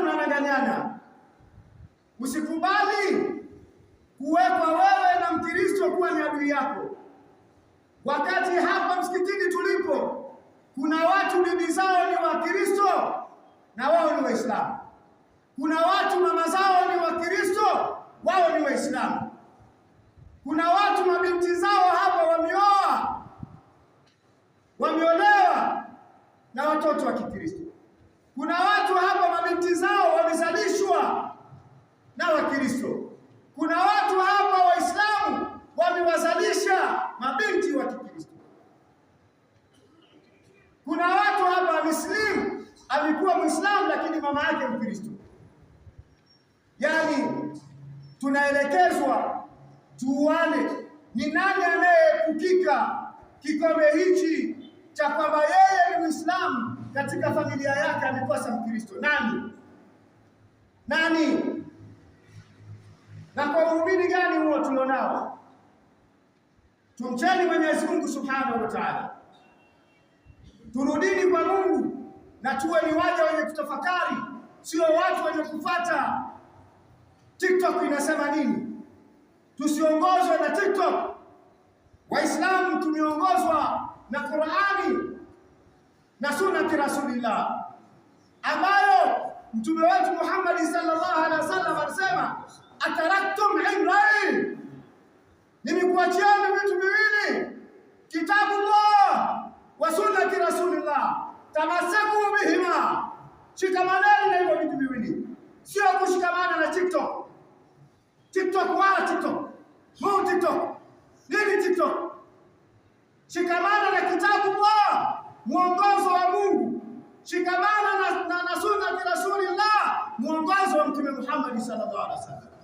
tunadanganyana. Usikubali kuwekwa wewe na Mkristo kuwa ni adui yako, wakati hapa msikitini tulipo kuna watu bibi zao ni Wakristo na wao ni Waislamu. Kuna watu mama zao ni Wakristo, wao ni Waislamu. Kuna watu mabinti zao hapa wameoa, wameolewa na watoto wa Kikristo. Kuna watu hapa mabinti zao Muslim alikuwa Muislamu lakini mama yake Mkristo. Yaani tunaelekezwa tuuane. Ni nani anayeepukika kikombe hichi cha kwamba yeye ni Muislamu katika familia yake amekosa Mkristo? Nani? Nani? Na kwa muumini gani huo tulionao? Tumcheni Mwenyezi Mungu Subhanahu wa Ta'ala. Turudini kwa Mungu na tuwe ni waja wenye kutafakari, sio watu wenye kufuata TikTok inasema nini. Tusiongozwe na TikTok. Waislamu tumeongozwa na Qur'ani na sunnati Rasulillah ambayo mtume wetu Muhammad sallallahu alaihi wasallam alisema ataraktum imrain, nimekuachieni vitu viwili, Allah wa tamasaku bihima, shikamanani na hivyo vitu viwili, sio kushikamana na TikTok. TikTok wala TikTok mu TikTok nini TikTok, shikamana na kitabu bora, mwongozo wa Mungu, shikamana na, na, na sunna ya Rasulillah, mwongozo wa Mtume Muhammad sallallahu alaihi wasallam.